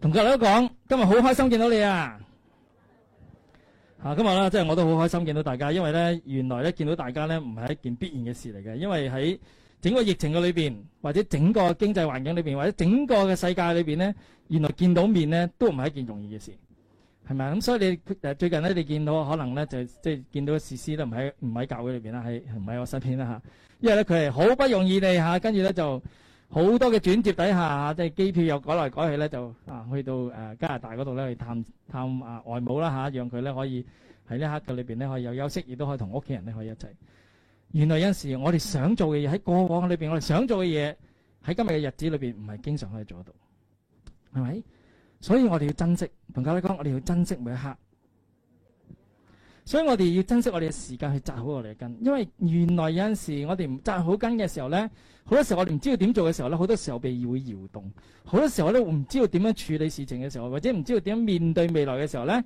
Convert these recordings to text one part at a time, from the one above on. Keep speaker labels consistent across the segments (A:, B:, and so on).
A: 同各位都講，今日好開心見到你啊！啊，今日咧，即係我都好開心見到大家，因為咧，原來咧見到大家咧，唔係一件必然嘅事嚟嘅。因為喺整個疫情嘅裏邊，或者整個經濟環境裏邊，或者整個嘅世界裏邊咧，原來見到面咧，都唔係一件容易嘅事，係咪啊？咁所以你誒最近咧，你見到可能咧，就即係見到嘅事，事都，唔喺唔喺教會裏邊啦，喺唔喺我身邊啦嚇？因為咧，佢係好不容易地嚇，跟住咧就。好多嘅轉接底下即係機票又改來改去咧，就啊去到啊加拿大嗰度咧去探探，探啊外母啦嚇、啊，讓佢咧可以喺呢一刻嘅裏面，咧可以有休息，亦都可以同屋企人咧可以一齊。原來有時我哋想做嘅嘢，喺過往裏面我哋想做嘅嘢，喺今日嘅日子裏面唔係經常可以做得到，係咪？所以我哋要珍惜同大家講，我哋要珍惜每一刻。所以我哋要珍惜我哋嘅時間去扎好我哋嘅根，因為原來有陣時我哋唔扎好根嘅時候咧，好多時候我哋唔知道點做嘅時候咧，好多時候被會搖動，好多時候我都唔知道點樣處理事情嘅時候，或者唔知道點面對未來嘅時候咧，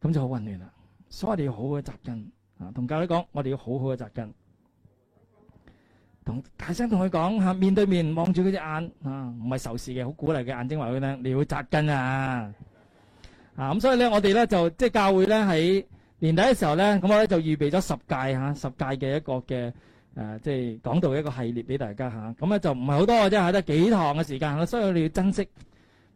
A: 咁就好混亂啦。所以我哋要好好扎根啊！同教會講，我哋要好好嘅扎根，同大聲同佢講吓，面對面望住佢隻眼啊，唔係仇視嘅，好鼓勵嘅眼睛話畀佢聽，你要扎根啊啊！咁所以咧，我哋咧就即係教會咧喺。年底嘅時候咧，咁我咧就預備咗十誡吓、啊，十誡嘅一個嘅誒、呃，即係講道一個系列俾大家吓。咁、啊、咧就唔係好多嘅啫，係、啊、得幾堂嘅時間咯，所以我哋要珍惜。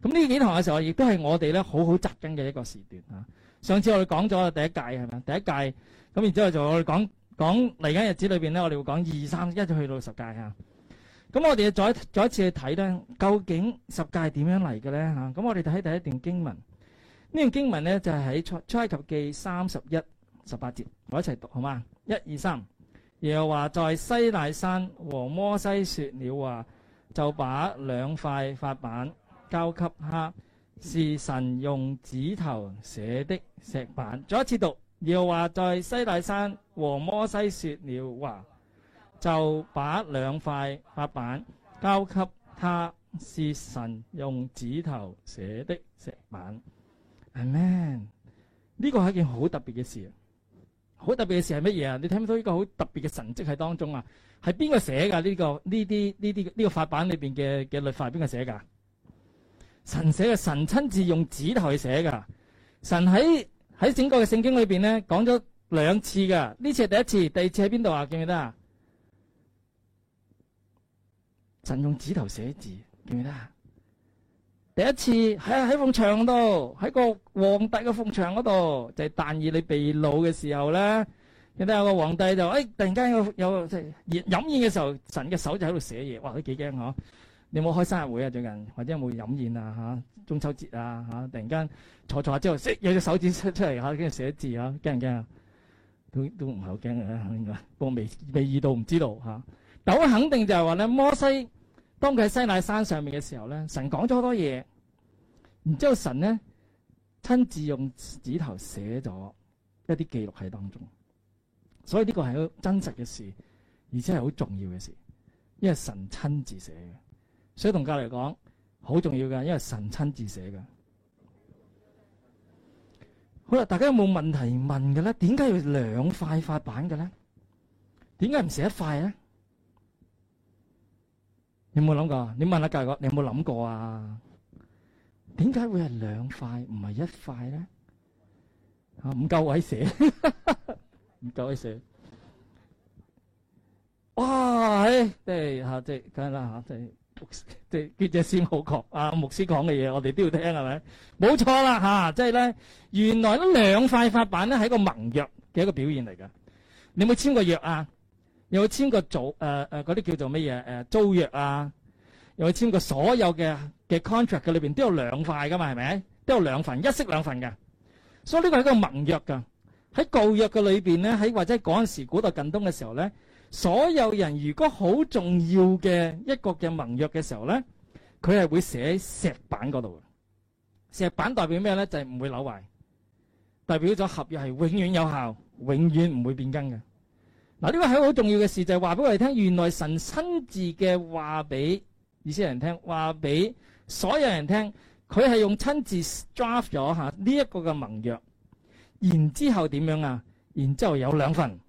A: 咁呢幾堂嘅時候也是，亦都係我哋咧好好扎根嘅一個時段吓、啊。上次我哋講咗第一誡係咪第一誡咁，那然之後就我哋講講嚟緊日子裏邊咧，我哋會講二三一，就去到十誡吓。咁、啊、我哋再再一次去睇咧，究竟十誡點樣嚟嘅咧吓？咁、啊、我哋睇第一段經文。呢個經文咧就係、是、喺《出埃及記》三十一十八節，我一齊讀好嘛？一二三，耶和華在西奈山和摩西説了話，就把兩塊法板交給他，是神用指頭寫的石板。再一次讀，耶和華在西奈山和摩西説了話，就把兩塊法板交給他，是神用指頭寫的石板。Amen，呢個係一件好特別嘅事，好特別嘅事係乜嘢啊？你睇唔到呢個好特別嘅神蹟喺當中啊？係邊個寫噶呢個呢啲呢啲呢個法版裏邊嘅嘅律法係邊個寫噶？神寫嘅神親自用指頭去寫噶。神喺喺整個嘅聖經裏邊咧講咗兩次噶。呢次係第一次，第二次喺邊度啊？記唔記得啊？神用指頭寫字，記唔記得啊？第一次喺喺縫牆嗰度，喺個皇帝嘅縫牆嗰度，就係但以理被擄嘅時候咧，見到有個皇帝就誒，突然間有有即係飲宴嘅時候，神嘅手就喺度寫嘢，哇都幾驚嗬！你有冇開生日會啊最近？或者有冇飲宴啊吓，中秋節啊吓，突然間坐坐下之後，咦有隻手指出出嚟吓，跟住寫字吓，驚唔驚啊？都都唔係好驚嘅，應該，不過未未遇到唔知道吓。但係我肯定就係話咧，摩西。當佢喺西乃山上面嘅時候咧，神講咗好多嘢，然之後神咧親自用指頭寫咗一啲記錄喺當中，所以呢個係好真實嘅事，而且係好重要嘅事，因為神親自寫嘅，所以同教嚟講好重要噶，因為神親自寫嘅。好啦，大家有冇問題問嘅咧？點解要兩塊法版嘅咧？點解唔寫一塊咧？你有冇諗過？你問下教哥，你有冇諗過啊？點解會係兩塊唔係一塊咧？啊，唔夠位寫，唔夠位寫。哇！即係下集梗係啦，下集即係絕者先好講。啊，牧師講嘅嘢我哋都要聽係咪？冇錯啦，吓即係咧，原來都兩塊法版咧係個盟約嘅一個表現嚟㗎。你有冇簽過約啊？有冇簽過租，誒誒，嗰啲叫做乜嘢？誒租約啊，有冇簽過所有嘅嘅 contract 嘅裏邊都有兩塊噶嘛，係咪？都有兩份，一式兩份㗎。所以呢個係一個盟約噶。喺舊約嘅裏邊咧，喺或者喺嗰陣時古代近東嘅時候咧，所有人如果好重要嘅一個嘅盟約嘅時候咧，佢係會寫喺石板嗰度嘅。石板代表咩咧？就係唔會扭壞，代表咗合約係永遠有效，永遠唔會變更嘅。嗱，呢個係好重要嘅事，就係話俾我哋聽，原來神親自嘅話俾以色列人聽，話俾所有人聽，佢係用親自 draft 咗吓呢一個嘅盟約，然之後點樣啊？然之後有兩份，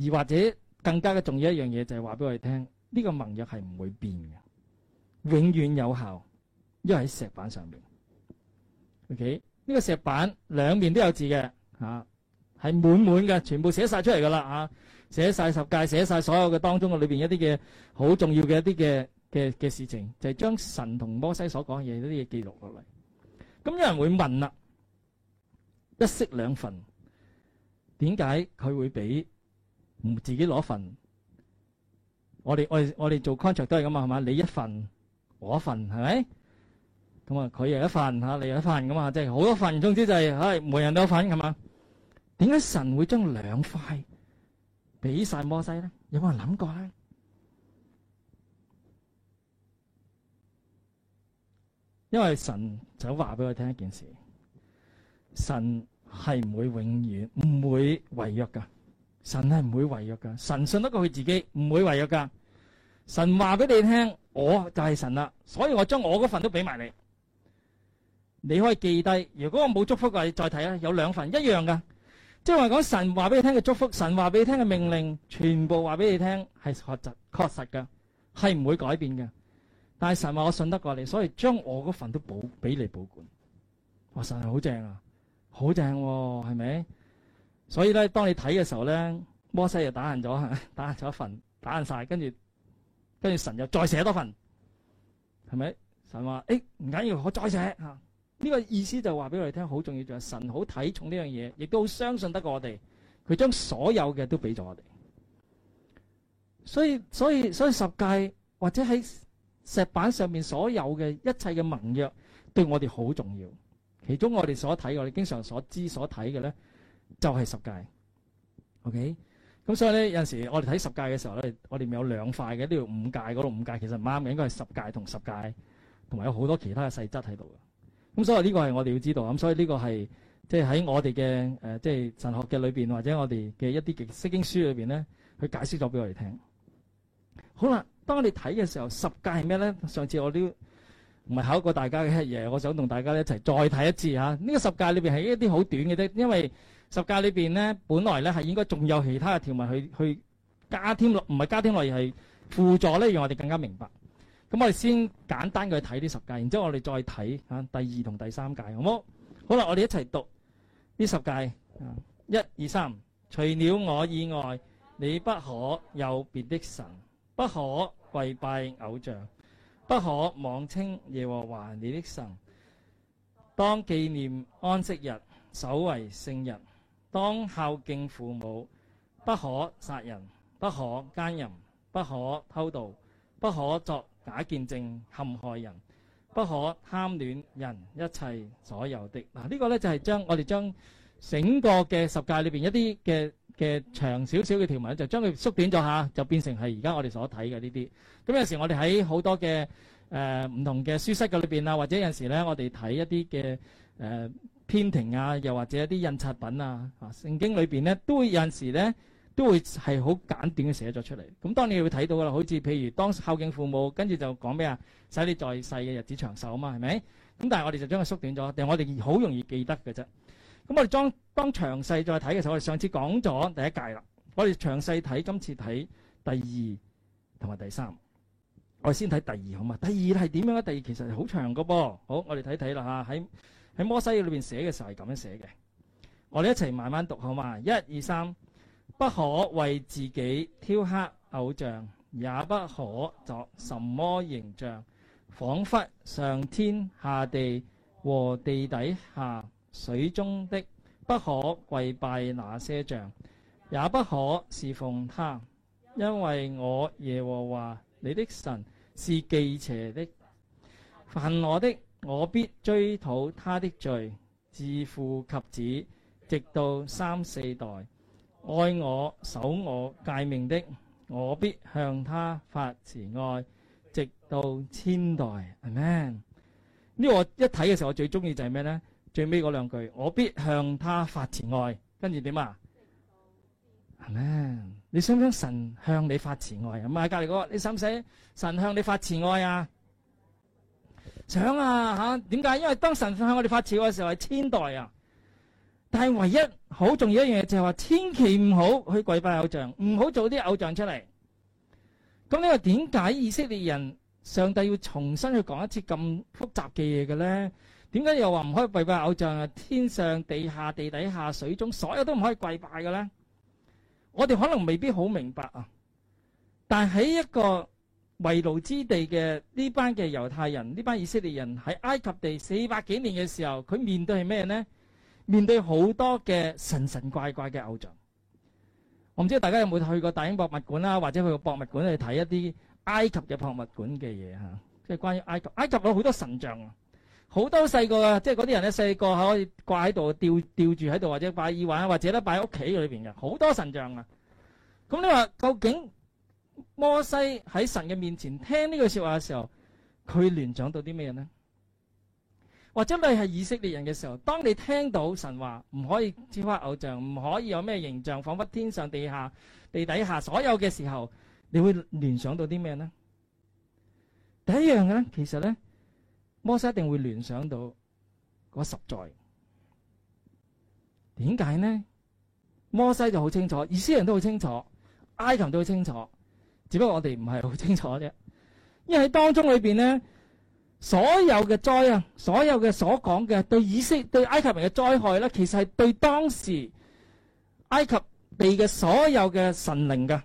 A: 而或者更加嘅重要一樣嘢就係話俾我哋聽，呢、這個盟約係唔會變嘅，永遠有效，因為喺石板上面。OK，呢個石板兩面都有字嘅吓。係滿滿嘅，全部寫晒出嚟噶啦啊！寫晒十誡，寫晒所有嘅當中嘅裏邊一啲嘅好重要嘅一啲嘅嘅嘅事情，就係將神同摩西所講嘅嘢呢啲嘢記錄落嚟。咁有人會問啦，一式兩份，點解佢會俾唔自己攞一份？我哋我哋我哋做 contract 都係咁啊，係嘛？你一份，我一份，係咪？咁啊，佢有一份，吓你有一份，咁啊，即係好多份，總之就係唉，每人都有份係嘛？點解神會將兩塊俾晒摩西咧？有冇人諗過咧？因為神就話俾我聽一件事：神係唔會永遠唔會違約噶神係唔會違約噶神信得過佢自己，唔會違約噶神話俾你聽，我就係神啦，所以我將我嗰份都俾埋你。你可以記低，如果我冇祝福嘅，你再睇啊，有兩份一樣噶即係話講，神話俾你聽嘅祝福，神話俾你聽嘅命令，全部話俾你聽係確實，確實嘅係唔會改變嘅。但係神話我信得過你，所以將我嗰份都保俾你保管。哇！神係好正啊，好正係咪？所以咧，當你睇嘅時候咧，摩西又打爛咗，打爛咗一份，打爛晒，跟住跟住神又再寫多份，係咪？神話誒唔緊要，我再寫吓。呢個意思就話俾我哋聽，好重要就係神好睇重呢樣嘢，亦都好相信得過我哋。佢將所有嘅都俾咗我哋，所以所以所以十誡或者喺石板上面所有嘅一切嘅盟約，對我哋好重要。其中我哋所睇，我哋經常所知所睇嘅咧，就係十誡。OK，咁所以咧，有陣時我哋睇十誡嘅時候咧，我哋有兩塊嘅，呢度五誡，嗰度五誡，其實唔啱嘅，應該係十誡同十誡，同埋有好多其他嘅細則喺度嘅。咁、嗯、所以呢個係我哋要知道，咁、嗯、所以呢個係即係喺我哋嘅誒，即係、呃、神學嘅裏邊，或者我哋嘅一啲嘅《釋經書》裏邊咧，去解釋咗俾我哋聽。好啦，當我哋睇嘅時候，十誡係咩咧？上次我都，唔係考過大家嘅嘢，我想同大家一齊再睇一次。嚇、啊。呢、這個十誡裏邊係一啲好短嘅啫，因為十誡裏邊咧，本來咧係應該仲有其他嘅條文去去加添落，唔係加添落，而係輔助咧，讓我哋更加明白。咁我哋先簡單嘅睇呢十誡，然之後我哋再睇吓第二同第三誡，好唔好？好啦，我哋一齊讀呢十誡。一、二、三，除了我以外，你不可有別的神，不可跪拜偶像，不可妄稱耶和華你的神。當紀念安息日，守為聖日。當孝敬父母，不可殺人，不可奸淫，不可偷盜，不可作假見證陷害人，不可貪戀人一切所有的。嗱，呢、啊這個呢，就係、是、將我哋將整個嘅十誡裏邊一啲嘅嘅長少少嘅條文，就將佢縮短咗下，就變成係而家我哋所睇嘅呢啲。咁、嗯、有時我哋喺好多嘅誒唔同嘅書室嘅裏邊啊，或者有時呢，我哋睇一啲嘅誒編亭啊，又或者一啲印刷品啊，聖、啊、經裏邊呢，都會有時呢。都會係好簡短嘅寫咗出嚟，咁當你會睇到噶啦，好似譬如當孝敬父母，跟住就講咩啊，使你在世嘅日子長壽啊嘛，係咪？咁但係我哋就將佢縮短咗，但係我哋好容易記得嘅啫。咁我哋當當詳細再睇嘅時候，我哋上次講咗第一誡啦，我哋詳細睇今次睇第二同埋第三，我哋先睇第二好嘛？第二係點樣啊？第二其實好長噶噃。好，我哋睇睇啦吓，喺喺摩西裏邊寫嘅時候係咁樣寫嘅，我哋一齊慢慢讀好嘛？一二三。不可為自己雕刻偶像，也不可作什麼形象，仿佛上天、下地和地底下水中的，不可跪拜那些像，也不可侍奉他，因為我耶和華你的神是忌邪的，恨我的，我必追討他的罪，自父及子，直到三四代。愛我守我誡命的，我必向他發慈愛，直到千代。Amen。呢個我一睇嘅時候，我最中意就係咩咧？最尾嗰兩句，我必向他發慈愛，跟住點啊？係 man 你想唔想神向你發慈愛啊？咁喺隔籬嗰個，你使唔使神向你發慈愛啊？想啊吓？點、啊、解？因為當神向我哋發慈愛嘅時候係千代啊。但係唯一好重要一樣嘢，就係話，千祈唔好去跪拜偶像，唔好做啲偶像出嚟。咁呢個點解以色列人上帝要重新去講一次咁複雜嘅嘢嘅咧？點解又話唔可以跪拜偶像啊？天上、地下、地底下，下、水中，所有都唔可以跪拜嘅咧？我哋可能未必好明白啊。但喺一個為奴之地嘅呢班嘅猶太人，呢班以色列人喺埃及地四百幾年嘅時候，佢面對係咩呢？面對好多嘅神神怪怪嘅偶像，我唔知道大家有冇去過大英博物館啦，啊，或者去過博物館去睇一啲埃及嘅博物館嘅嘢吓，即係關於埃及。埃及有好多神像，好多細個呀，即係嗰啲人咧細個可以掛喺度，吊吊住喺度或者擺耳環，或者咧擺喺屋企裏邊嘅，好多神像啊。咁、啊、你話究竟摩西喺神嘅面前聽呢句說話嘅時候，佢聯想到啲咩咧？或者你係以色列人嘅時候，當你聽到神話唔可以雕刻偶像，唔可以有咩形象，仿佛天上、地下、地底下所有嘅時候，你會聯想到啲咩呢？第一樣嘅咧，其實咧，摩西一定會聯想到個十誡。點解呢？摩西就好清楚，以色列人都好清楚，埃及都好清楚，只不過我哋唔係好清楚啫。因為喺當中裏邊咧。所有嘅災啊，所有嘅所講嘅對以色對埃及人嘅災害咧，啊，其實係對當時埃及地嘅所有嘅神靈嘅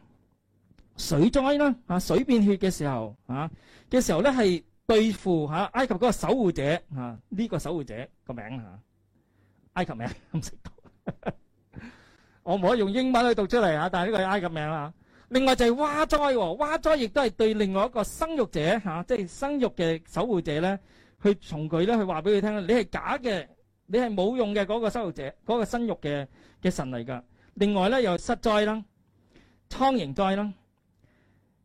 A: 水災啦啊，啊，水變血嘅時候啊嘅時候咧係對付嚇，啊、埃及嗰，啊嗰個守護者啊，呢個守護者個名啊，埃及名唔識讀，呵呵我唔可以用英文去讀出嚟啊，但係呢個係埃及名啊。另外就係蛙災喎、哦，蛙災亦都係對另外一個生育者嚇，即、啊、係、就是、生育嘅守護者咧，去從佢咧去話俾佢聽啦，你係假嘅，你係冇用嘅嗰個生育者，嗰個生育嘅嘅、那個、神嚟噶。另外咧又失災啦，蒼蠅災啦，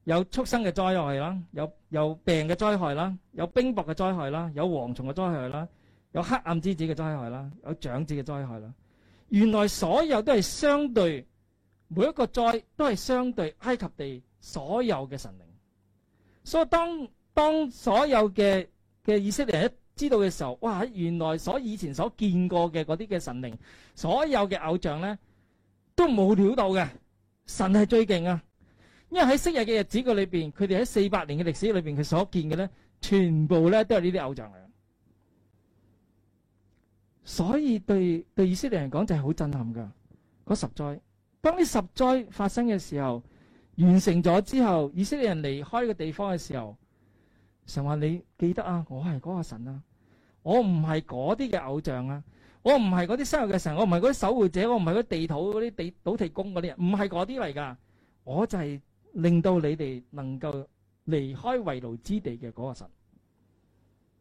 A: 有畜生嘅災害啦，有有病嘅災害啦，有冰雹嘅災害啦，有蝗蟲嘅災害啦，有黑暗之子嘅災害啦，有長子嘅災害啦。原來所有都係相對。每一個災都係相對埃及地所有嘅神靈，所以, so, 當當所有嘅嘅以色列人一知道嘅時候，哇！原來所以前所見過嘅嗰啲嘅神靈，所有嘅偶像咧，都冇料到嘅，神係最勁啊！因為喺昔日嘅日子嘅裏邊，佢哋喺四百年嘅歷史裏邊，佢所見嘅咧，全部咧都係呢啲偶像嚟。所以對對以色列人講就係好震撼噶，嗰十災。當呢十災發生嘅時候，完成咗之後，以色列人離開嘅地方嘅時候，神話你記得啊，我係嗰個神啊，我唔係嗰啲嘅偶像啊，我唔係嗰啲生育嘅神，我唔係嗰啲守護者，我唔係嗰啲地土嗰啲地土地公嗰啲人，唔係嗰啲嚟噶，我就係令到你哋能夠離開為奴之地嘅嗰個神。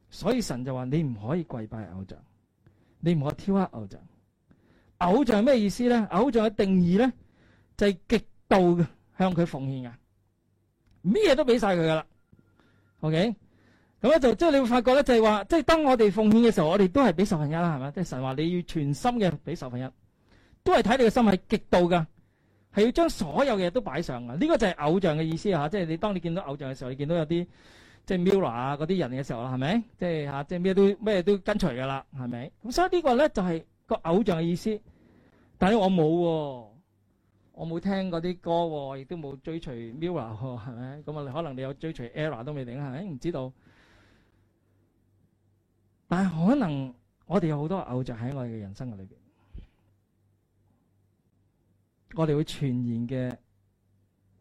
A: 所以神就話你唔可以跪拜偶像，你唔可以雕刻偶像。偶像係咩意思咧？偶像嘅定義咧就係、是、極度向佢奉獻嘅，咩都俾晒佢噶啦。OK，咁咧就即係你會發覺咧，就係話即係當我哋奉獻嘅時候，我哋都係俾十分一啦，係咪？即、就、係、是、神話你要全心嘅俾十分一，都係睇你嘅心係極度噶，係要將所有嘢都擺上噶。呢、這個就係偶像嘅意思吓，即、啊、係、就是、你當你見到偶像嘅時候，你見到有啲即係 MIRROR 啊嗰啲人嘅時候啦，係咪？即係吓，即係咩都咩都跟隨噶啦，係咪？咁所以這個呢個咧就係、是。個偶像嘅意思，但係我冇喎，我冇聽嗰啲歌，我亦都冇追隨 MIRROR，係咪？咁啊，可能你有追隨 ERROR 都未定啊，唔知道。但係可能我哋有好多偶像喺我哋嘅人生嘅裏邊，我哋會全然嘅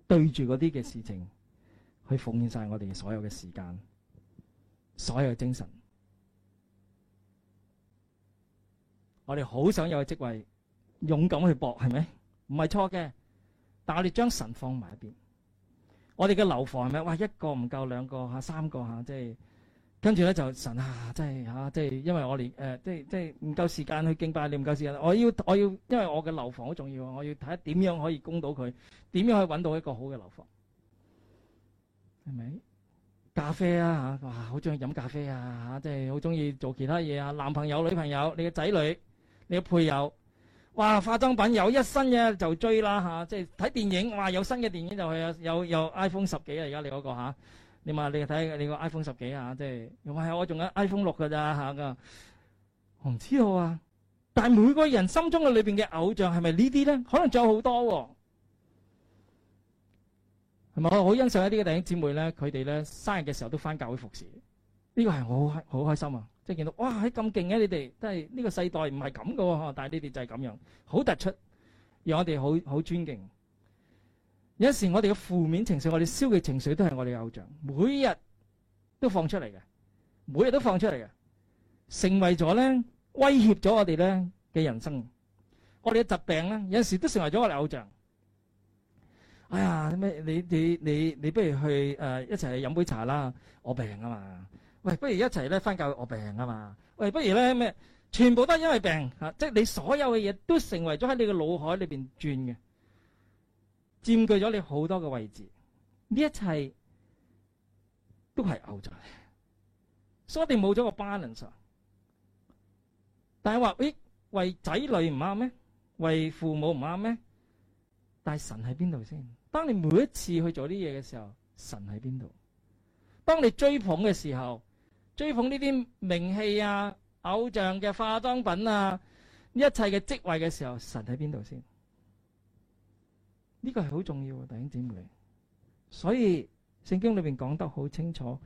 A: 對住嗰啲嘅事情，去奉獻晒我哋所有嘅時間，所有精神。我哋好想有嘅職位，勇敢去搏，係咪？唔係錯嘅。但係我哋將神放埋一邊，我哋嘅樓房係咪？哇，一個唔夠，兩個吓，三個吓，即係跟住咧就神啊，即係吓，即係因為我哋誒，即係即係唔夠時間去敬拜，你唔夠時間，我要我要，因為我嘅樓房好重要啊，我要睇點樣可以供到佢，點樣可以搵到一個好嘅樓房，係咪？咖啡啊吓，哇，好中意飲咖啡啊吓，即係好中意做其他嘢啊，男朋友、女朋友、你嘅仔女。你嘅配偶，哇！化妝品有，一新嘅就追啦嚇。即係睇電影，哇！有新嘅電影就去啊。有有 iPhone 十幾啊，而家你嗰個嚇。你話你睇你個 iPhone 十幾嚇，即係唔係？我仲有 iPhone 六嘅咋嚇㗎。我唔知道啊。但係每個人心中嘅裏邊嘅偶像係咪呢啲咧？可能仲有好多喎。係咪我好欣賞一啲嘅弟兄姊妹咧？佢哋咧，生日嘅時候都翻教會服侍，呢個係我好開好開心啊！即係見到哇，係咁勁嘅你哋，都係呢個世代唔係咁嘅喎，但係你哋就係咁樣，好突出，讓我哋好好尊敬。有時我哋嘅負面情緒，我哋消極情緒，都係我哋嘅偶像，每日都放出嚟嘅，每日都放出嚟嘅，成為咗咧威脅咗我哋咧嘅人生。我哋嘅疾病咧，有時都成為咗我哋偶像。哎呀，咩你你你你不如去誒一齊去飲杯茶啦，我病啊嘛～喂，不如一齊咧翻教我病啊嘛！喂，不如咧咩？全部都係因為病吓，啊，即係你所有嘅嘢都成為咗喺你嘅腦海裏邊轉嘅，佔據咗你好多嘅位置。呢一切都係偶像，所以冇咗個 balance。但係話喂，為仔女唔啱咩？為父母唔啱咩？但係神喺邊度先？當你每一次去做啲嘢嘅時候，神喺邊度？當你追捧嘅時候？追捧呢啲名氣啊、偶像嘅化妝品啊、一切嘅職位嘅時候，神喺邊度先？呢個係好重要嘅弟兄姊妹。所以聖經裏邊講得好清楚，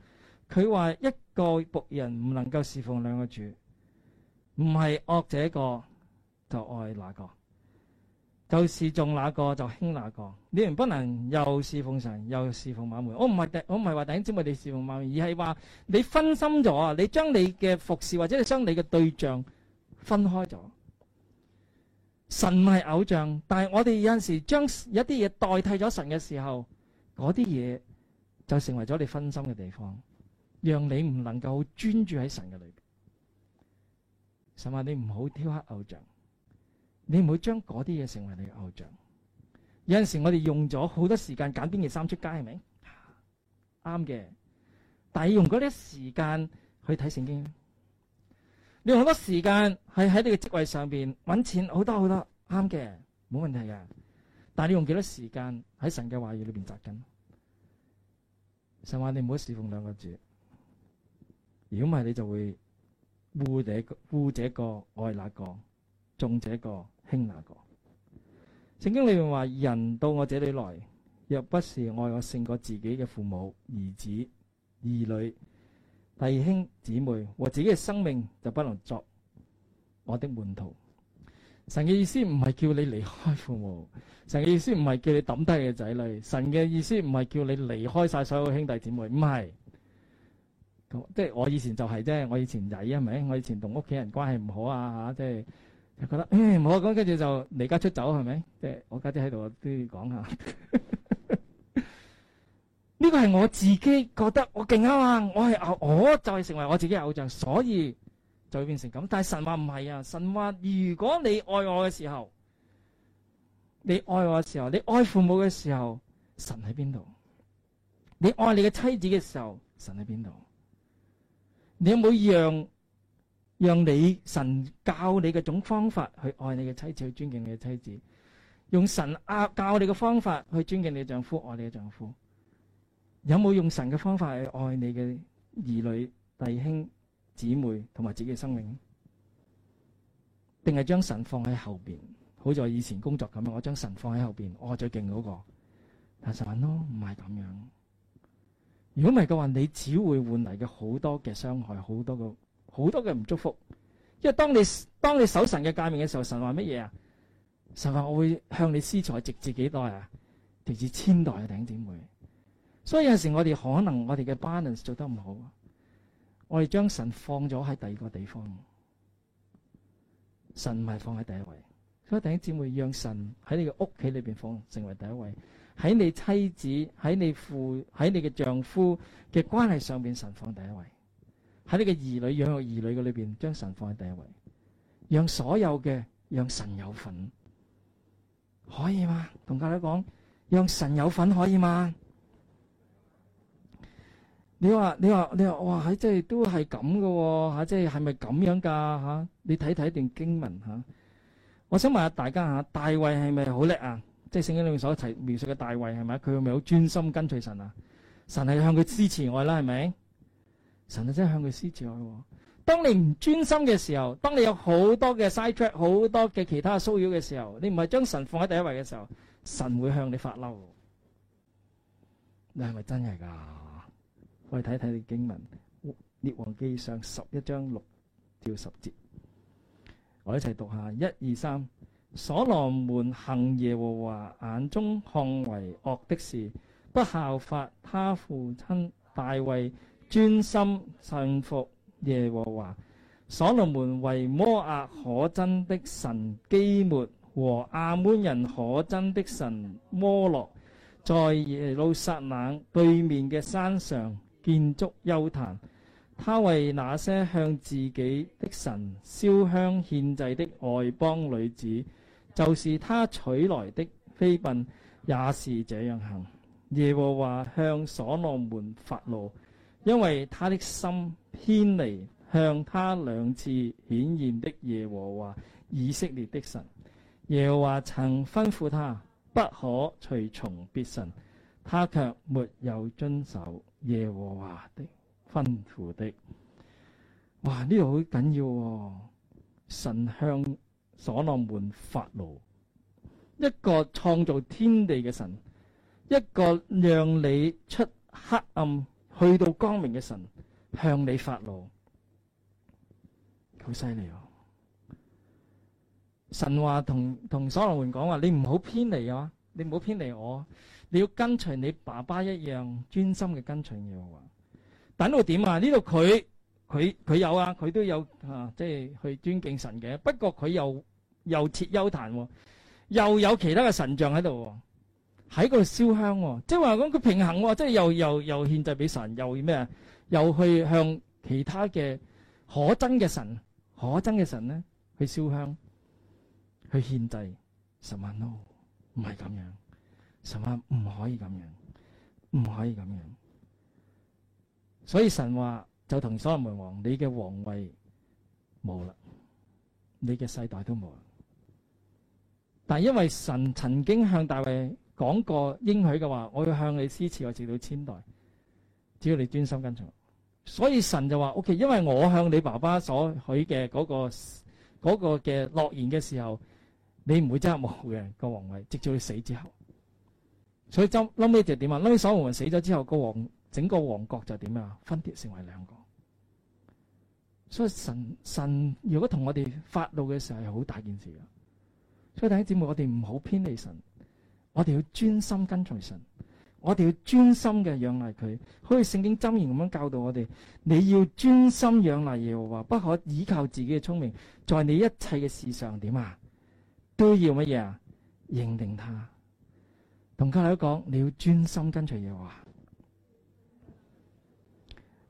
A: 佢話一個僕人唔能夠侍奉兩個主，唔係惡者個就愛哪個。又是重哪個就輕哪個，你唔不能又侍奉神又侍奉馬門。我唔係第我唔係話頂先我哋侍奉馬門，而係話你分心咗啊！你將你嘅服侍或者你將你嘅對象分開咗。神係偶像，但係我哋有陣時將一啲嘢代替咗神嘅時候，嗰啲嘢就成為咗你分心嘅地方，讓你唔能夠專注喺神嘅裏邊。神話你唔好雕刻偶像。你唔會將嗰啲嘢成為你嘅偶像。有陣時我哋用咗好多時間揀邊件衫出街，係咪？啱、啊、嘅。但係用嗰啲時間去睇聖經，你用好多時間係喺你嘅職位上邊揾錢，好多好多，啱嘅，冇問題嘅。但係你用幾多時間喺神嘅話語裏邊紮根？神話你唔好侍奉兩個主。如果唔係你就會污這污這個，愛那個，重這個。興哪個？聖經裏面話：人到我這裏來，若不是愛我勝過自己嘅父母、兒子、兒女、弟兄、姊妹，和自己嘅生命，就不能作我的門徒。神嘅意思唔係叫你離開父母，神嘅意思唔係叫你抌低你嘅仔女，神嘅意思唔係叫你離開晒所有兄弟姊妹。唔係，即係我以前就係、是、啫。我以前仔，係咪？我以前同屋企人關係唔好啊，吓，即係。就覺得誒冇啊，咁跟住就離家出走係咪？即係我家姐喺度都要講下。呢個係我自己覺得我勁啊嘛，我係我就係成為我自己嘅偶像，所以就會變成咁。但係神話唔係啊，神話如果你愛我嘅時候，你愛我嘅時候，你愛父母嘅時候，神喺邊度？你愛你嘅妻子嘅時候，神喺邊度？你有冇讓？讓你神教你嘅種方法去愛你嘅妻子，去尊敬你嘅妻子；用神啊教你嘅方法去尊敬你丈夫，愛你嘅丈夫。有冇用神嘅方法去愛你嘅兒女、弟兄、姊妹同埋自己嘅生命？定係將神放喺後邊？好似我以前工作咁樣，我將神放喺後邊，我最勁嗰個，但係實揾咯，唔係咁樣。如果唔係嘅話，你只會換嚟嘅好多嘅傷害，好多嘅。好多嘅唔祝福，因為當你當你守神嘅誡命嘅時候，神話乜嘢啊？神話我會向你施財直至幾代啊？直至千代啊！弟兄姊妹，所以有陣時我哋可能我哋嘅 balance 做得唔好，我哋將神放咗喺第二個地方，神唔係放喺第一位。所以弟兄姊妹，讓神喺你嘅屋企裏邊放成為第一位，喺你妻子、喺你父、喺你嘅丈夫嘅關係上面，神放第一位。喺呢個兒女養育兒女嘅裏邊，將神放喺第一位，讓所有嘅，讓神有份，可以嗎？同大家講，讓神有份可以嗎？你話你話你話，哇！喺即係都係咁噶，吓即係係咪咁樣噶吓？你睇睇一段經文吓，我想問下大家吓，大衛係咪好叻啊？即係聖經裏面所提描述嘅大衛係咪？佢係咪好專心跟隨神啊？神係向佢支持我啦，係咪？神真係向佢施慈愛。當你唔專心嘅時候，當你有好多嘅 side track，好多嘅其他騷擾嘅時候，你唔係將神放喺第一位嘅時候，神會向你發嬲。你係咪真係噶？我哋睇睇《呢經文列王記上十一章六至十節》，我一齊讀一下：一二三，所羅門行耶和華眼中看為惡的事，不效法他父親大衛。專心順服耶和華。所羅門為摩押可憎的神基末和亞捫人可憎的神摩洛，在耶路撒冷對面嘅山上建築丘壇。他為那些向自己的神燒香獻祭的外邦女子，就是他娶來的妃嬪，也是這樣行。耶和華向所羅門發怒。因為他的心偏離向他兩次顯現的耶和華以色列的神，耶和華曾吩咐他不可隨從別神，他卻沒有遵守耶和華的吩咐的。哇！呢個好緊要喎。神向所羅門發怒，一個創造天地嘅神，一個讓你出黑暗。去到光明嘅神向你發怒，好犀利啊！神話同同所羅門講話，你唔好偏離啊！你唔好偏離我、啊，你要跟隨你爸爸一樣專心嘅跟隨我、啊。等到點啊？呢度佢佢佢有啊，佢都有、啊、即係去尊敬神嘅。不過佢又又設丘壇，又有其他嘅神像喺度、啊。喺嗰度燒香、哦，即係話咁佢平衡、哦，即、就、係、是、又又又獻祭俾神，又咩啊？又去向其他嘅可憎嘅神、可憎嘅神咧去燒香，去獻祭神話咯，唔係咁樣，神話唔可以咁樣，唔可以咁樣。所以神話就同所羅門王，你嘅王位冇啦，你嘅世代都冇啦。但係因為神曾經向大衛，講過應許嘅話，我要向你施慈愛我直到千代，只要你專心跟隨。所以神就話：O K，因為我向你爸爸所許嘅嗰個、嗰個嘅諾言嘅時候，你唔會真係冇嘅個王位，直至佢死之後。所以後就後尾就點啊？後尾所羅門死咗之後，個王整個王國就點啊？分裂成為兩個。所以神神如果同我哋發怒嘅時候係好大件事噶，所以弟兄姊妹，我哋唔好偏離神。我哋要專心跟隨神，我哋要專心嘅仰賴佢，好似聖經箴言咁樣教導我哋。你要專心仰賴耶和華，不可倚靠自己嘅聰明。在你一切嘅事上，點啊都要乜嘢啊？認定他同卡喺度講，你要專心跟隨耶和華。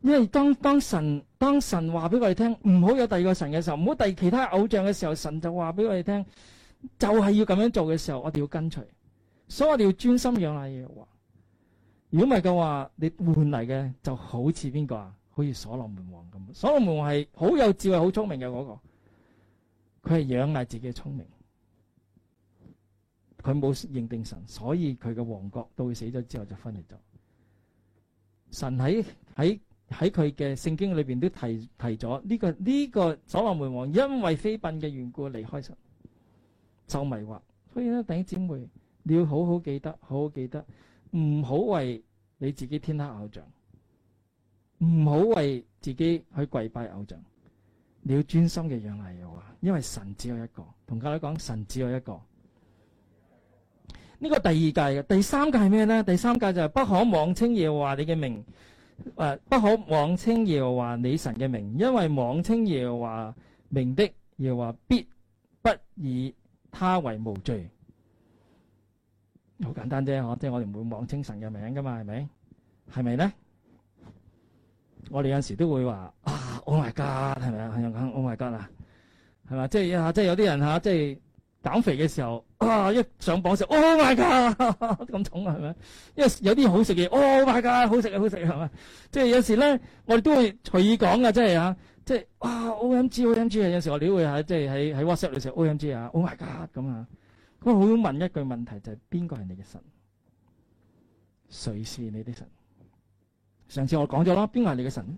A: 因為當當神當神話俾我哋聽，唔好有第二個神嘅時候，唔好第其他偶像嘅時候，神就話俾我哋聽，就係要咁樣做嘅時候，我哋要跟隨。所以我哋要專心仰賴耶和華。如果唔係嘅話，你換嚟嘅就好似邊個啊？好似所羅門王咁。所羅門王係好有智慧，好聰明嘅嗰，嗰個，佢係仰賴自己嘅聰明，佢冇認定神，所以佢嘅王國到佢死咗之後就分裂咗。神喺喺喺佢嘅聖經裏邊都提提咗呢，呢個呢，呢個所羅門王，因為妃嬪嘅緣故離開神，就迷惑。所以咧，弟兄姊妹。你要好好記得，好好記得，唔好為你自己雕刻偶像，唔好為自己去跪拜偶像。你要專心嘅仰賴我，因為神只有一個。同教友講，神只有一個。呢個第二誡嘅，第三誡係咩呢？第三誡就係不可妄稱耶和華你嘅名，誒、呃，不可妄稱耶和華你神嘅名，因為妄稱耶和華名的，耶和華必不以他為無罪。好簡單啫，嗬！即係我哋唔會妄稱神嘅名噶嘛，係咪？係咪咧？我哋有時都會話啊，Oh my god，係咪啊？Oh my god 啊，係嘛？即係啊！即係有啲人吓，即係減肥嘅時候啊，一上磅食：「Oh my god，咁重啊，係咪？因為有啲好食嘢，Oh my god，好食啊，好食係嘛？即係有時咧，我哋都會隨意講噶，即係啊，即係啊 O M G，O M G 啊！有時我哋會即喺喺 WhatsApp 嗰食 O M G 啊，Oh my god 咁啊！我好問一句問題，就係邊個係你嘅神？誰是你的神？上次我講咗啦，邊個係你嘅神？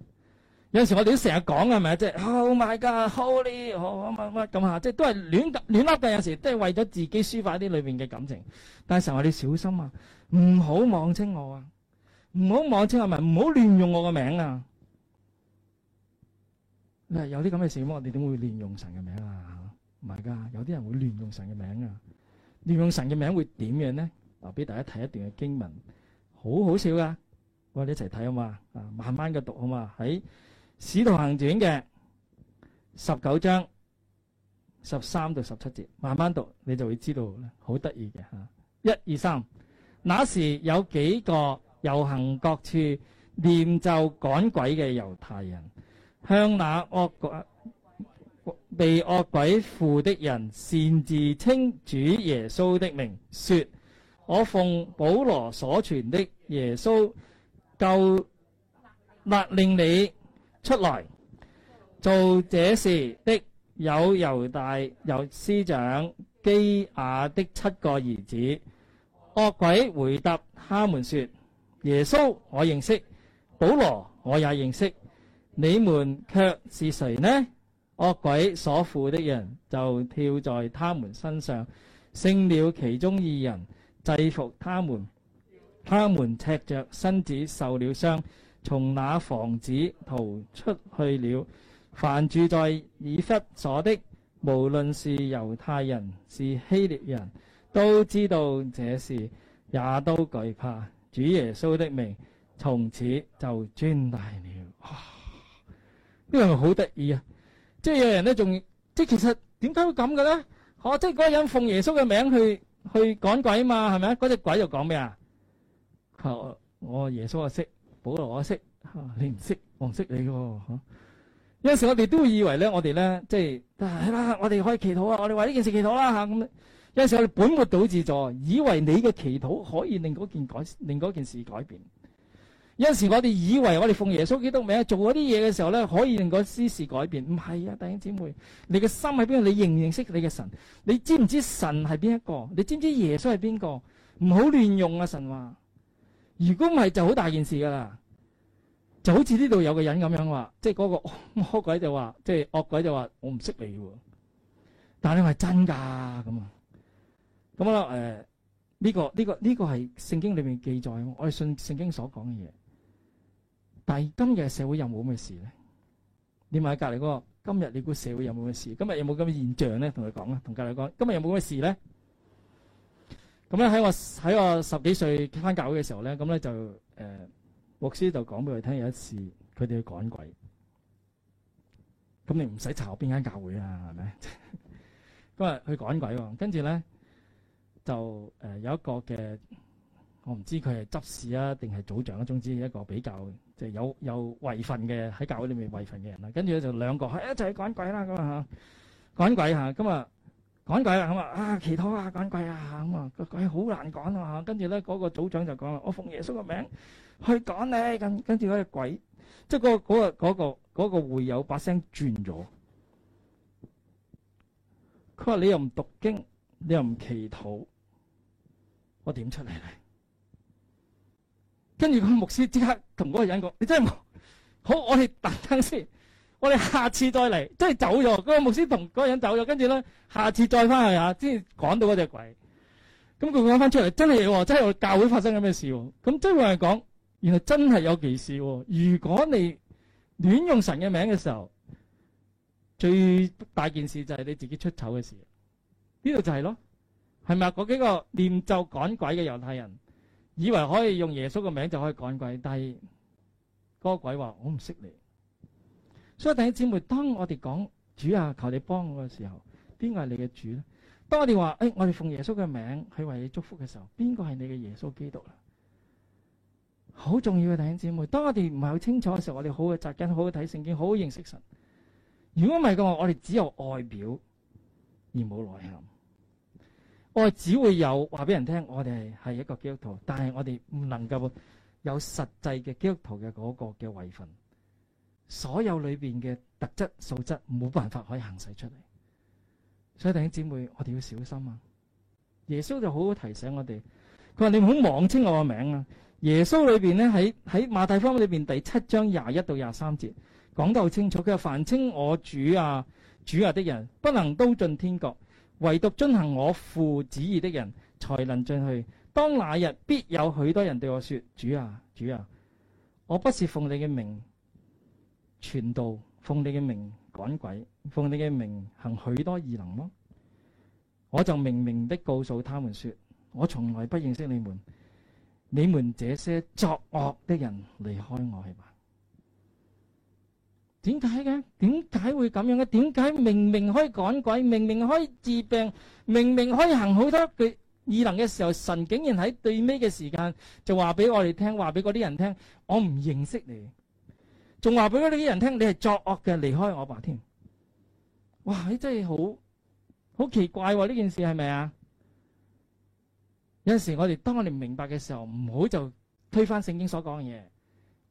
A: 有時我哋都成日講係咪啊？即係、就是、Oh my God, Holy，乜乜咁啊！即係都係亂亂笠嘅，有時都係為咗自己抒發啲裏邊嘅感情。但係時候我哋小心啊，唔好妄稱我啊，唔好妄稱我咪、啊，唔好亂用我嘅名啊！有啲咁嘅事，我哋點會亂用神嘅名啊？唔係噶，有啲人會亂用神嘅名啊！亂用神嘅名會點樣呢？嗱，俾大家睇一段嘅經文，好好笑噶，我哋一齊睇好嘛？啊慢慢嘅讀好嘛？喺《使徒行傳》嘅十九章十三到十七節，慢慢讀你就會知道好得意嘅，吓，一二三，那時有幾個遊行各處念咒趕鬼嘅猶太人，向那惡國。被惡鬼附的人擅自稱主耶穌的名，說，我奉保羅所傳的耶穌救，勒令你出來做這事的有猶大有司長基亞的七個兒子。惡鬼回答他們說：耶穌我認識，保羅我也認識，你們卻是誰呢？惡鬼所附的人就跳在他們身上，勝了其中二人，制服他們。他們赤着身子受了傷，從那房子逃出去了。凡住在以弗所的，無論是猶太人是希臘人，都知道這事，也都懼怕主耶穌的名。從此就尊大了。呢樣好得意啊！即係有人都仲，即係其實點解會咁嘅咧？哦、啊，即係嗰個人奉耶穌嘅名去去趕鬼嘛，係咪啊？嗰隻鬼又講咩啊？我耶穌我識，保羅我識，啊、你唔識，我唔識你嘅吓、啊。有陣時我哋都以為咧，我哋咧即係得啦，我哋可以祈禱啊，我哋為呢件事祈禱啦吓咁。有陣時我哋本末倒置咗，以為你嘅祈禱可以令嗰件改，令嗰件事改變。有陣時我哋以為我哋奉耶穌基督名做嗰啲嘢嘅時候咧，可以令個私事改變。唔係啊，弟兄姊妹，你嘅心喺邊？你認唔認識你嘅神？你知唔知神係邊一個？你知唔知耶穌係邊個？唔好亂用啊！神話，如果唔係就好大件事噶啦。就好似呢度有個人咁樣話，啊，即係嗰個魔鬼就話，即係惡鬼就話我唔識你喎，啊。但係你係真噶咁啊？咁啊？誒、呃、呢、這個呢、這個呢、這個係聖經裏面記載，我哋信聖經所講嘅嘢。但係今日社會有冇咁嘅事咧？你問喺隔離嗰個，今日你估社會有冇咁嘅事？今日有冇咁嘅現象咧？同佢講啦，同隔離講，今日有冇咁嘅事咧？咁咧，喺我喺我十幾歲返教會嘅時候咧，咁咧就誒牧師就講俾我聽，有一次佢哋去趕鬼，咁你唔使查我邊間教會啊，係咪？咁啊去趕鬼喎，跟住咧就誒有一個嘅我唔知佢係執事啊定係組長啊，總之一個比較。就有有遺訓嘅喺教會裏面遺訓嘅人啦，跟住咧就兩個，係一齊趕鬼啦咁啊嚇，趕鬼嚇，咁啊趕鬼啦咁啊啊祈禱啊趕鬼啊咁啊個鬼好難趕啊嚇，跟住咧嗰個組長就講啦：我奉耶穌嘅名去趕你咁。跟住嗰隻鬼，即係嗰嗰個嗰個嗰個會友把聲轉咗。佢話：你又唔讀經，你又唔祈禱，我點出嚟咧？跟住個牧師即刻同嗰個人講：你真係好，我哋等等先，我哋下次再嚟。真係走咗，嗰個牧師同嗰個人走咗。跟住咧，下次再翻去啊，先趕到嗰隻鬼。咁佢講翻出嚟，真係真係教會發生緊咩事，啊。咁、嗯、真係有人講，原來真係有其事，啊。如果你亂用神嘅名嘅時候，最大件事就係你自己出醜嘅事。呢度就係咯，係咪嗰幾個念咒趕鬼嘅猶太人。以為可以用耶穌個名就可以趕鬼，但係嗰個鬼話我唔識你，所以弟兄姊妹，當我哋講主啊，求你幫我嘅時候，邊個係你嘅主咧？當我哋話誒，我哋奉耶穌嘅名去為你祝福嘅時候，邊個係你嘅耶穌基督咧？好重要嘅，弟兄姊妹，當我哋唔係好清楚嘅時候，我哋好去扎根，好去睇聖經，好好認識神。如果唔係嘅話，我哋只有外表而冇內涵。我只會有話俾人聽，我哋係一個基督徒，但係我哋唔能夠有實際嘅基督徒嘅嗰個嘅位份，所有裏面嘅特質素質冇辦法可以行使出嚟。所以弟兄姊妹，我哋要小心啊！耶穌就好好提醒我哋，佢話：你唔好妄稱我個名啊！耶穌裏面咧，喺喺馬太福音裏面第七章廿一到廿三節講得好清楚，佢話：凡稱我主啊主啊的人，不能都進天國。唯獨遵行我父旨意的人才能進去。當那日必有許多人對我說：主啊，主啊，我不是奉你嘅名傳道，奉你嘅名趕鬼，奉你嘅名行許多異能麼？我就明明的告訴他們說：我從來不認識你們，你們這些作惡的人，離開我去吧。點解嘅？點解會咁樣嘅？點解明明可以趕鬼，明明可以治病，明明可以行好多嘅異能嘅時候，神竟然喺最尾嘅時間就話俾我哋聽，話俾嗰啲人聽：我唔認識你，仲話俾嗰啲人聽你係作惡嘅，離開我吧！添。哇！你真係好好奇怪喎，呢件事係咪啊？有陣時我哋當我哋唔明白嘅時候，唔好就推翻聖經所講嘅嘢。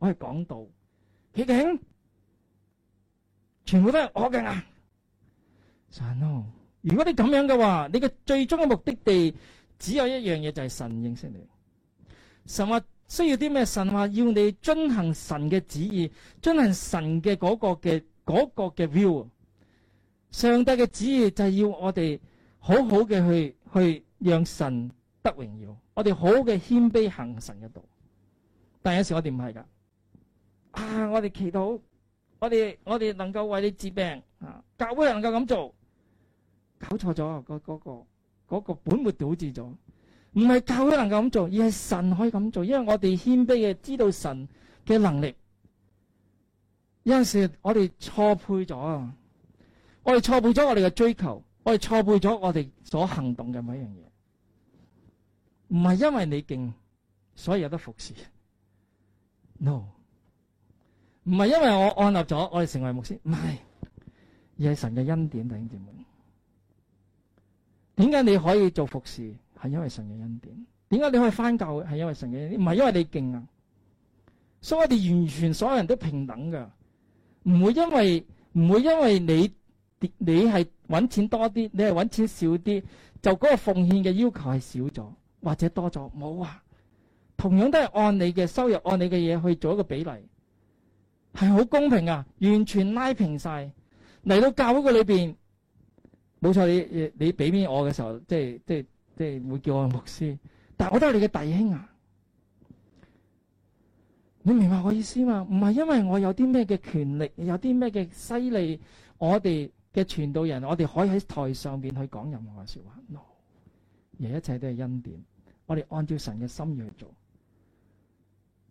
A: 我係講道，究竟全部都係我嘅人。神哦！如果你咁樣嘅話，你嘅最終嘅目的地只有一樣嘢，就係神認識你。神話需要啲咩？神話要你遵行神嘅旨意，遵行神嘅嗰個嘅嗰個嘅 view。上帝嘅旨意就係要我哋好好嘅去去讓神得榮耀。我哋好好嘅謙卑行神嘅道，但有時我哋唔係噶。啊！我哋祈禱，我哋我哋能夠為你治病啊！教會能夠咁做，搞錯咗嗰個嗰個本末倒置咗，唔係教會能夠咁做，而係神可以咁做。因為我哋謙卑嘅，知道神嘅能力。有陣時我哋錯配咗啊！我哋錯配咗我哋嘅追求，我哋錯配咗我哋所行動嘅每一樣嘢。唔係因為你勁，所以有得服侍。No。唔係因為我按立咗，我哋成為牧師，唔係，而係神嘅恩典，弟兄姊妹。點解你可以做服侍？係因為神嘅恩典。點解你可以翻教？係因為神嘅恩典。唔係因為你勁啊，所以我哋完全所有人都平等噶唔會因為唔會因為你你係揾錢多啲，你係揾錢少啲，就嗰個奉獻嘅要求係少咗或者多咗冇啊。同樣都係按你嘅收入，按你嘅嘢去做一個比例。係好公平啊！完全拉平晒嚟到教會裏邊，冇錯你你你俾面我嘅時候，即係即係即係會叫我牧師，但我都係你嘅弟兄啊！你明白我意思嘛？唔係因為我有啲咩嘅權力，有啲咩嘅犀利，我哋嘅傳道人，我哋可以喺台上邊去講任何嘅說話。no，而一切都係恩典，我哋按照神嘅心意去做。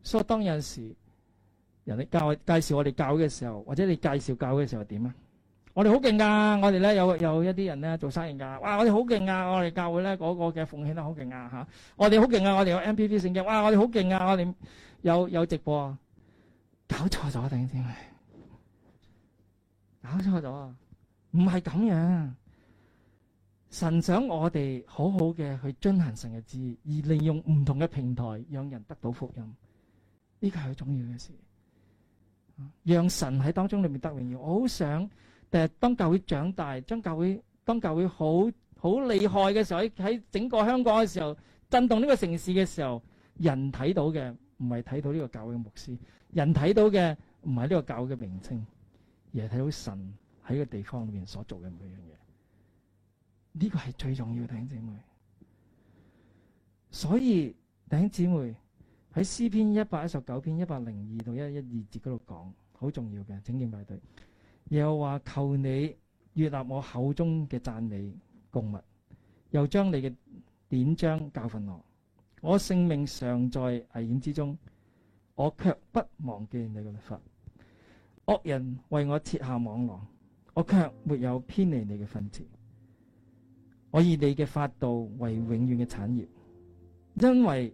A: 所、so, 以當有陣時。人哋教介紹我哋教嘅時候，或者你介紹教嘅時候點啊？我哋好勁噶，我哋咧有有一啲人咧做生意噶，哇！我哋好勁啊！我哋教會咧嗰、那個嘅奉獻都好勁啊吓！我哋好勁啊！我哋、啊、有 M P V 聖經，哇！我哋好勁啊！我哋有有直播、啊，搞錯咗定先？搞錯咗啊？唔係咁樣，神想我哋好好嘅去遵行神嘅旨意，而利用唔同嘅平台，讓人得到福音。呢個係好重要嘅事。讓神喺當中裏面得榮耀。我好想，但係當教會長大，將教會當教會好好厲害嘅時候，喺喺整個香港嘅時候震動呢個城市嘅時候，人睇到嘅唔係睇到呢個教會嘅牧師，人睇到嘅唔係呢個教會嘅名稱，而係睇到神喺個地方裏面所做嘅每樣嘢。呢個係最重要嘅，弟兄姊妹。所以，弟兄姊妹。喺詩篇一百一十九篇一百零二到一一二節嗰度講，好重要嘅，請正排隊。又話求你悅納我口中嘅讚美供物，又將你嘅典章教訓我。我性命尚在危險之中，我卻不忘記你嘅律法。惡人為我設下網羅，我卻沒有偏離你嘅訓詞。我以你嘅法度為永遠嘅產業，因為。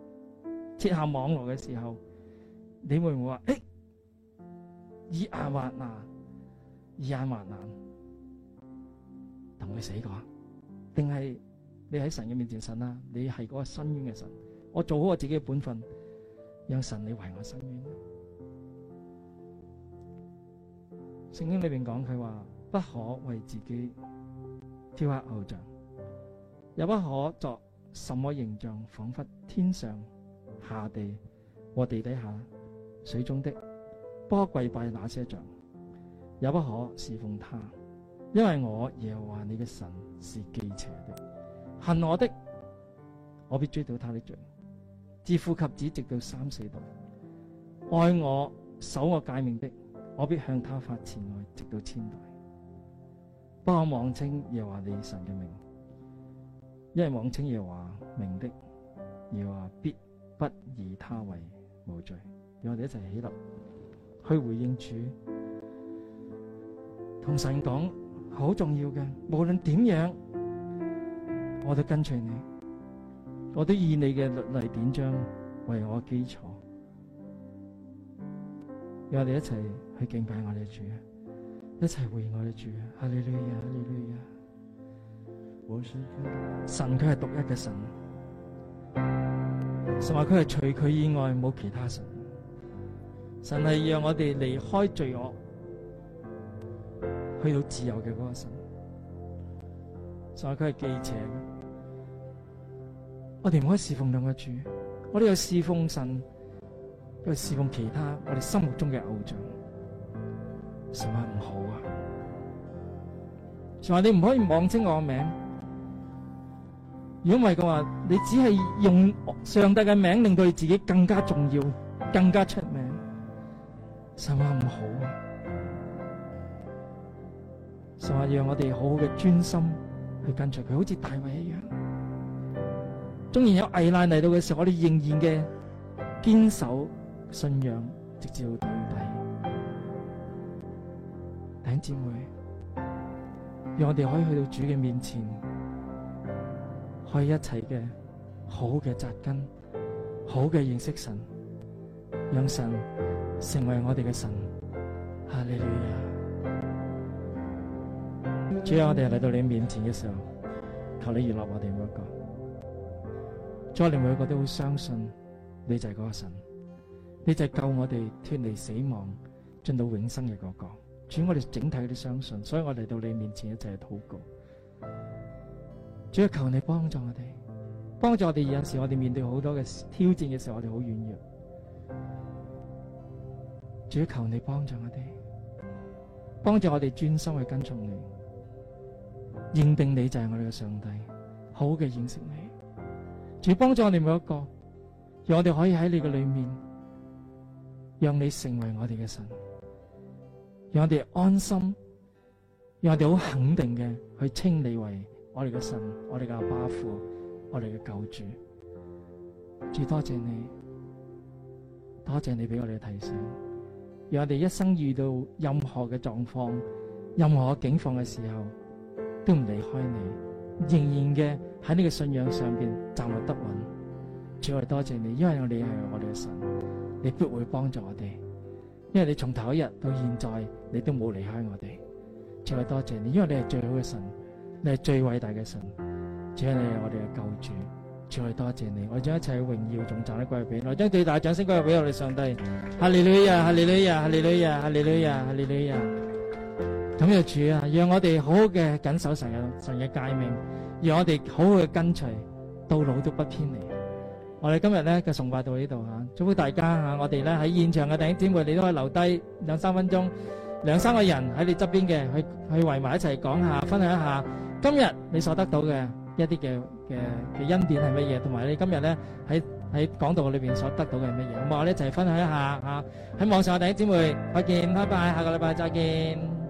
A: 切下網絡嘅時候，你會唔會話？咦、哎，以眼還眼，以眼還眼，同佢死過，定係你喺神嘅面前神啦，啊？你係嗰個伸冤嘅神，我做好我自己嘅本分，讓神你為我伸冤。聖經裏邊講佢話，不可為自己雕刻偶像，又不可作什麼形象，仿佛天上。下地和地底下水中的，不可跪拜那些像，也不可侍奉他，因為我耶和華你嘅神是忌邪的。恨我的，我必追討他的罪，自父及子直到三四代；愛我守我誡命的，我必向他發慈愛，直到千代。不可妄稱耶和華你神嘅名，因為妄稱耶和華名的，耶和華必。不以他為無罪，讓我哋一齊起，起立去回應主，同神講好重要嘅。無論點樣，我都跟隨你，我都以你嘅律例典章為我基礎，讓我哋一齊去敬拜我哋主，一齊回應我哋主啊！阿利利啊，阿利利啊！神佢係獨一嘅神。神話佢係除佢以外冇其他神，神係讓我哋離開罪惡，去到自由嘅嗰個神。神話佢係忌邪，我哋唔可以侍奉兩個主，我哋要侍奉神，要侍奉其他我哋心目中嘅偶像，神話唔好啊！神話你唔可以妄稱我名。如果唔係嘅話，你只係用上帝嘅名令到你自己更加重要、更加出名，神話唔好啊！神話讓我哋好好嘅專心去跟隨佢，好似大衛一樣。縱然有危難嚟到嘅時候，我哋仍然嘅堅守信仰，直至到底。弟兄姊妹，讓我哋可以去到主嘅面前。可以一齊嘅好嘅扎根，好嘅認識神，讓神成為我哋嘅神。哈利路亞！ 主呀，我哋嚟到你面前嘅時候，求你悅納我哋每一個，再你每一個都好相信你就係嗰個神，你就係救我哋脫離死亡，進到永生嘅嗰個。主，我哋整體都相信，所以我嚟到你面前就係禱告。主要求你幫助我哋，幫助我哋。有時我哋面對好多嘅挑戰嘅時候，我哋好軟弱。主要求你幫助我哋，幫助我哋專心去跟從你，認定你就係我哋嘅上帝，好嘅認識你。主要幫助我哋每一個，讓我哋可以喺你嘅裏面，讓你成為我哋嘅神，讓我哋安心，讓我哋好肯定嘅去稱你為。我哋嘅神，我哋嘅阿巴父，我哋嘅救主，主多謝你，多謝你俾我哋嘅提醒，讓我哋一生遇到任何嘅狀況、任何境況嘅時候，都唔離開你，仍然嘅喺呢個信仰上邊站立得穩。主，我哋多謝你，因為你係我哋係我哋嘅神，你必會幫助我哋，因為你從頭一日到現在，你都冇離開我哋。主啊，多謝你，因為你係最好嘅神。你係最偉大嘅神，請係你係我哋嘅救主。再多謝你，我將一切榮耀總攢啲歸畀你，我將最大嘅掌聲歸入畀我哋上帝。哈利路亞，哈利路亞，哈利路亞，哈 利路亞，哈利路亞。咁就 主啊，讓我哋好好嘅緊守神嘅神嘅誡命，讓我哋好好嘅跟隨，到老都不偏離。我哋今日咧嘅崇拜到呢度嚇，祝福大家嚇、啊。我哋咧喺現場嘅弟兄姊妹，你都可以留低兩三分鐘，兩三個人喺你側邊嘅去去圍埋一齊講下，對分享一下。今日你所得到嘅一啲嘅嘅嘅恩典係乜嘢？同埋你今日呢喺喺講道裏面所得到嘅係乜嘢？咁，我哋一齊分享一下嚇。喺網上嘅弟兄姊妹，再見，拜拜，下個禮拜再見。